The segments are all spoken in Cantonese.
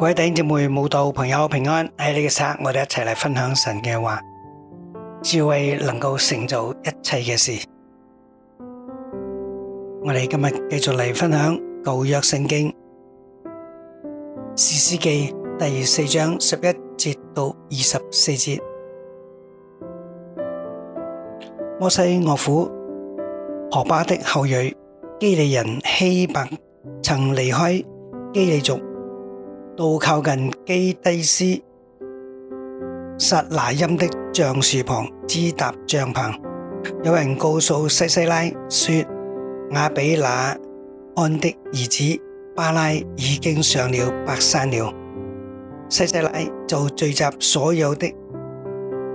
各位弟兄姐妹、舞蹈朋友平安，喺呢個時刻，我哋一齊嚟分享神嘅話，智慧能夠成就一切嘅事。我哋今日繼續嚟分享舊約聖經士師記第四章十一節到二十四節。摩西岳父荷巴的後裔基利人希伯曾離開基利族。到靠近基蒂斯薩拿音的橡樹旁支搭帳篷，有人告訴西西拉說，亞比娜安的兒子巴拉已經上了白山了。西西拉就聚集所有的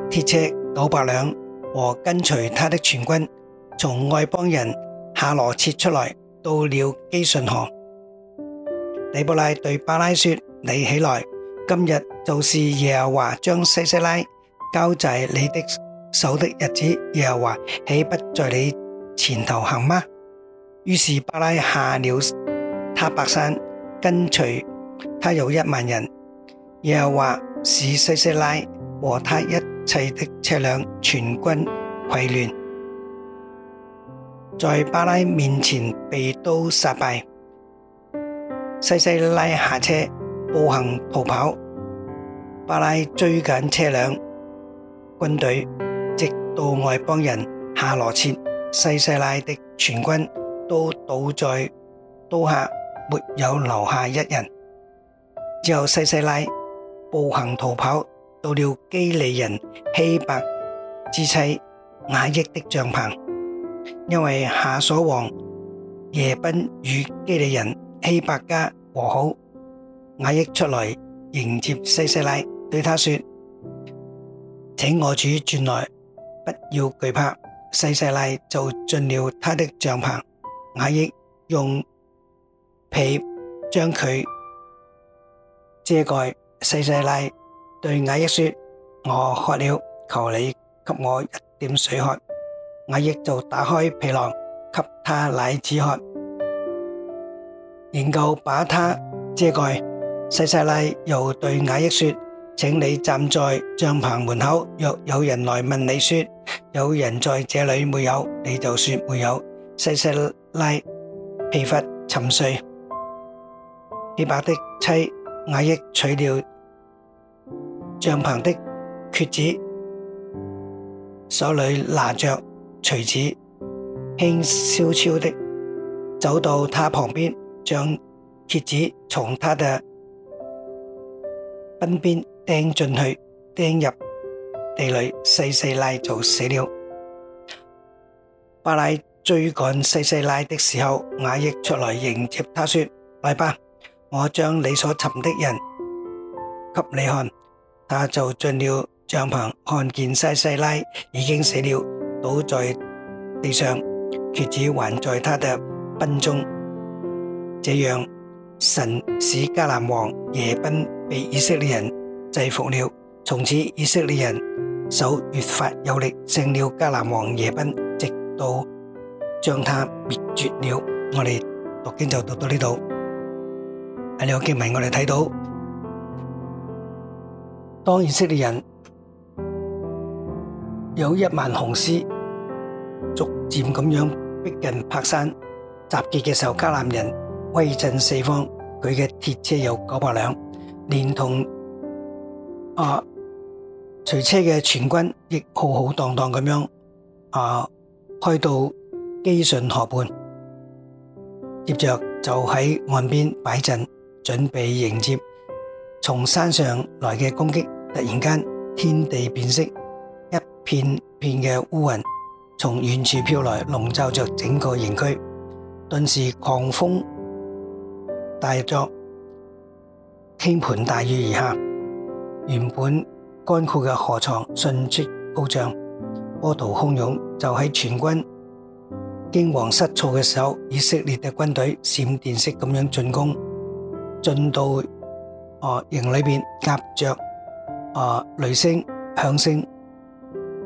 鐵車九百輛、和跟隨他的全軍，從外邦人夏羅切出來，到了基順河。底波拉對巴拉說：你起來，今日就是耶和華將西西拉交在你的手的日子。耶和華豈不在你前頭行嗎？於是巴拉下了他泊山，跟隨他有一萬人。耶和華使西西拉和他一切的車輛全軍潰亂，在巴拉面前被刀殺敗。西西拉下車，步行逃跑，巴拉追緊車輛、軍隊，直到外邦人夏羅切，西西拉的全軍都倒在刀下，沒有留下一人。之後西西拉步行逃跑，到了基利人希伯之妻雅億的帳篷，因為夏所王耶賓與基利人希伯家和好，雅益出來迎接西西拉，對他說：請我主轉來，不要懼怕。西西拉就進了他的帳篷，雅益用被將佢遮蓋。西西拉對雅益說：我渴了，求你給我一點水喝。雅益就打開皮囊，給他奶子喝。仍舊把他遮蓋。西西拉又對雅億說：請你站在帳篷門口，若有人來問你說有人在這裏沒有，你就說沒有。西西拉疲乏沉睡，潔白的妻雅億取了帳篷的橛子，手裏拿着錘子，輕悄悄的走到他旁邊。將橛子從他嘅鬢邊釘進去，釘入地裏，西西拉就死了。巴拉追趕西西拉的時候，雅億出來迎接他，說：來吧，我將你所尋的人給你看。他就進了帳篷，看見西西拉已經死了，倒在地上，橛子還在他的鬢中。這樣，神使迦南王耶賓被以色列人制服了，從此以色列人手越發有力，勝了迦南王耶賓，直到將他滅絕了。我哋讀經就讀到呢度。喺呢個經文我哋睇到，當以色列人有一萬雄師逐漸咁樣逼近泊山集結嘅時候，迦南人。威震四方，佢嘅鐵車有九百輛，連同啊隨車嘅全軍也好好蕩蕩，亦浩浩蕩蕩咁樣啊開到基順河畔，接着就喺岸邊擺陣，準備迎接從山上來嘅攻擊。突然間，天地變色，一片片嘅烏雲從遠處飄來，籠罩着整個營區，頓時狂風大作傾盆大雨而下，原本乾涸嘅河床迅速高漲，波濤洶湧。就喺全軍驚惶失措嘅時候，以色列嘅軍隊閃電式咁樣進攻，進到啊營裏面，夾着啊雷聲、響聲、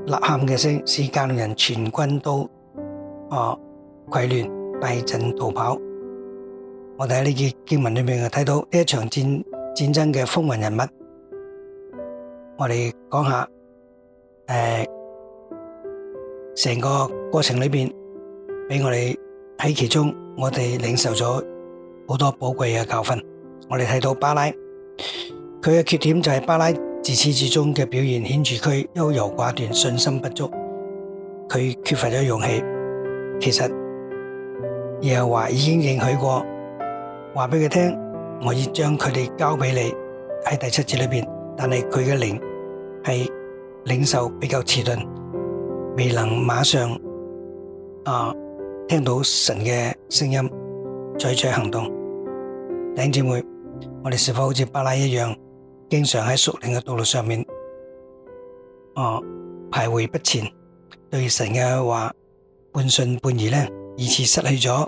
吶喊嘅聲，使迦南人全軍都啊潰亂，敗陣逃跑。我哋喺呢啲經文裏面啊，睇到呢一場戰戰爭嘅風雲人物我們，我哋講下誒，成個過程裏面，俾我哋喺其中，我哋領受咗好多寶貴嘅教訓。我哋睇到巴拉，佢嘅缺點就係巴拉自始至終嘅表現顯著，佢優柔寡斷、信心不足，佢缺乏咗勇氣。其實耶和華已經認許過。話俾佢聽，我要將佢哋交俾你，喺第七節裏邊，但係佢嘅靈係領受比較遲鈍，未能馬上啊、呃、聽到神嘅聲音採取行動。弟兄姊妹，我哋是否好似巴拉一樣，經常喺屬靈嘅道路上面啊徘徊不前，對神嘅話半信半疑呢，以致失去咗？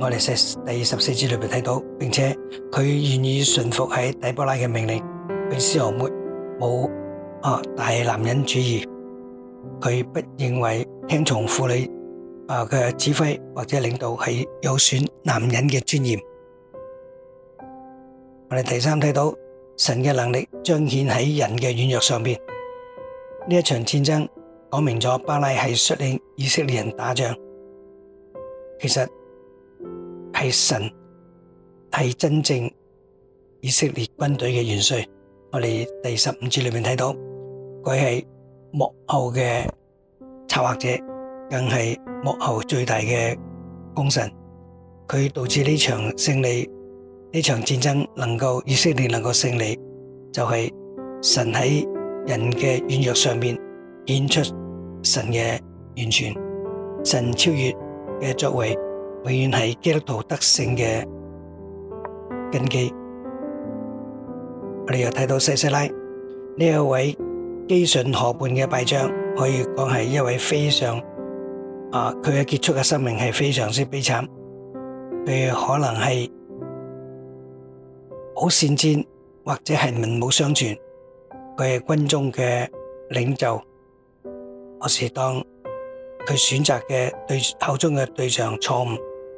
我哋第十四節裏邊睇到，並且佢願意順服喺底波拉嘅命令，並絲毫沒冇啊大男人主義，佢不認為聽從婦女啊嘅指揮或者領導係有損男人嘅尊嚴。我哋第三睇到神嘅能力彰顯喺人嘅軟弱上邊，呢一場戰爭講明咗巴拉係率領以色列人打仗，其實係神，係真正以色列軍隊嘅元帥，我哋第十五節裏面睇到佢係幕後嘅策劃者，更係幕後最大嘅功臣。佢導致呢場勝利，呢場戰爭能夠以色列能夠勝利，就係神喺人嘅軟弱上面演出神嘅完全，神超越嘅作為。永遠係基督徒得勝嘅根基。我哋又睇到西西拉呢一位基順河畔嘅敗將，可以講係一位非常啊，佢嘅結束嘅生命係非常之悲慘。佢可能係好善戰，或者係文武雙全，佢係軍中嘅領袖，或是當佢選擇嘅對口中嘅對象錯誤。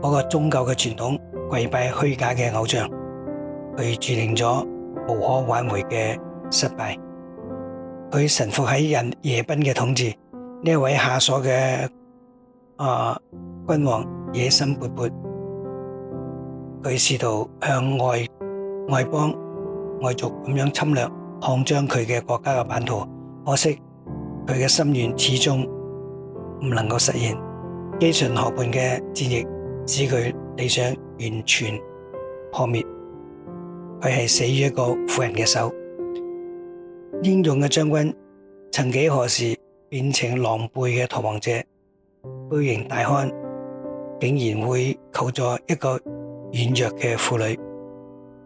嗰個宗教嘅傳統，跪拜虛假嘅偶像，佢注定咗無可挽回嘅失敗。佢臣服喺人耶賓嘅統治呢位下所嘅啊君王野心勃勃，佢試圖向外外邦外族咁樣侵略，擴張佢嘅國家嘅版圖。可惜佢嘅心願始終唔能夠實現。基順河畔嘅戰役。使佢理想完全破滅，佢係死於一個婦人嘅手。英勇嘅將軍，曾幾何時變成狼狽嘅逃亡者，彪形大漢竟然會求助一個軟弱嘅婦女，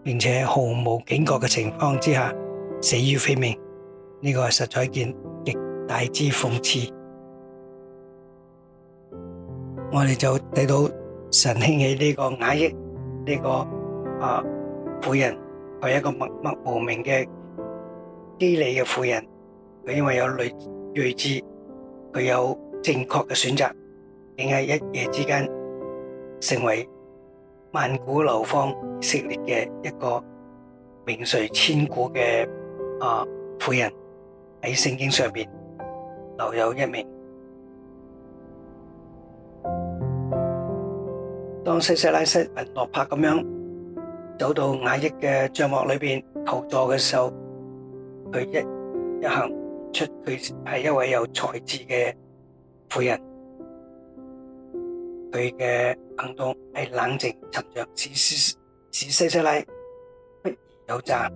並且毫無警覺嘅情況之下死於非命，呢、這個實在是一件極大之諷刺。我哋就睇到。神興起呢個雅億呢個啊婦人，佢係一個默默無名嘅基利嘅婦人。佢因為有女睿智，佢有正確嘅選擇，竟係一夜之間成為萬古流芳以色列嘅一個名垂千古嘅啊婦人，喺聖經上面留有一名。當西西拉失魂落魄咁樣走到雅億嘅帳幕裏邊求助嘅時候，佢一一行出，佢係一位有才智嘅婦人，佢嘅行動係冷靜沉着，似似西西拉，不疑有詐，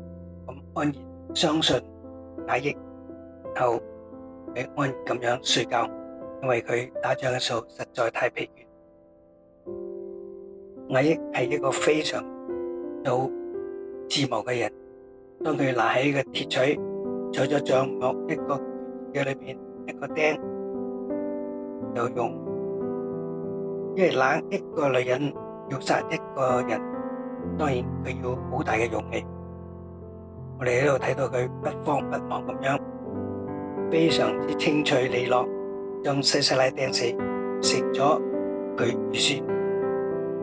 咁安然相信雅億然後，佢安然咁樣睡覺，因為佢打仗嘅時候實在太疲倦。我亦係一個非常有智謀嘅人，當佢拿起個鐵錘，取咗帳幕一個嘢裏邊一個釘，有用，因為攞一個女人要殺一個人，當然佢要好大嘅勇氣。我哋喺度睇到佢不慌不忙咁樣，非常之清脆利落，用細細粒釘食食咗佢魚線。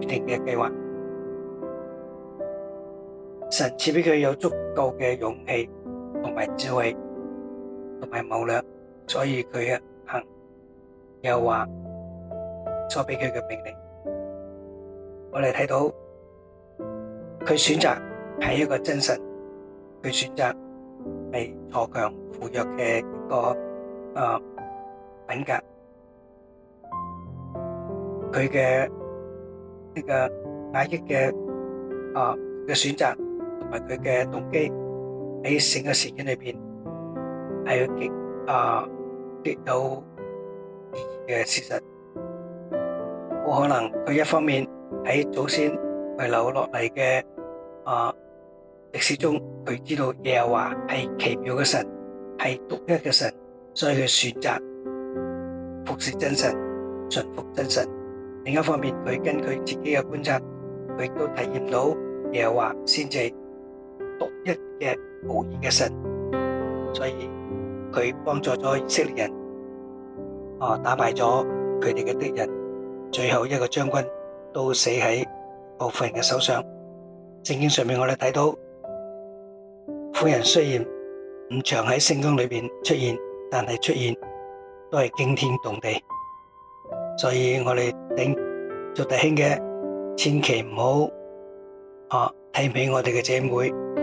定嘅計劃，神賜俾佢有足夠嘅勇氣同埋智慧同埋謀略，所以佢啊行又話錯俾佢嘅命令，我哋睇到佢選擇係一個真神，佢選擇係鋤強扶弱嘅一個誒品格，佢嘅。這個亞億嘅啊嘅選擇同埋佢嘅動機喺整個事件裏邊係極啊極有意義嘅事實，好可能佢一方面喺祖先遺留落嚟嘅啊歷史中，佢知道耶和華係奇妙嘅神，係獨一嘅神，所以佢選擇服侍真神，順服真神。另一方面，佢根據佢自己嘅觀察，佢亦都體驗到，耶和華先至獨一嘅無二嘅神，所以佢幫助咗以色列人，哦打敗咗佢哋嘅敵人，最後一個將軍都死喺個婦人嘅手上。聖經上面我哋睇到，婦人雖然唔常喺聖經裏邊出現，但係出現都係驚天動地。所以我哋頂做弟兄嘅，千祈唔好啊睇唔起我哋嘅姐妹，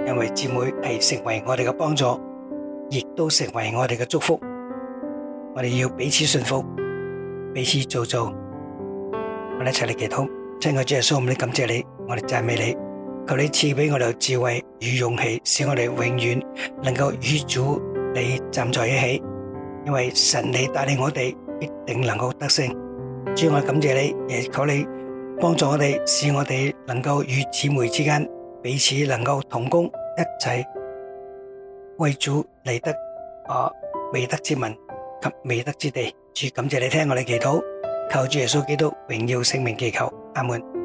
因為姐妹係成為我哋嘅幫助，亦都成為我哋嘅祝福。我哋要彼此信服，彼此造就。我哋一齊嚟祈禱，親愛的主耶穌，我哋感謝你，我哋讚美你。求你賜俾我哋智慧與勇氣，使我哋永遠能夠與主你站在一起，因為神你帶領我哋，必定能夠得勝。主，我感謝你，也求你幫助我哋，使我哋能夠與姊妹之間彼此能夠同工，一切為主嚟得啊，未得之民及未得之地。主，感謝你聽我哋祈禱，求主耶穌基督榮耀聖名，祈求阿門。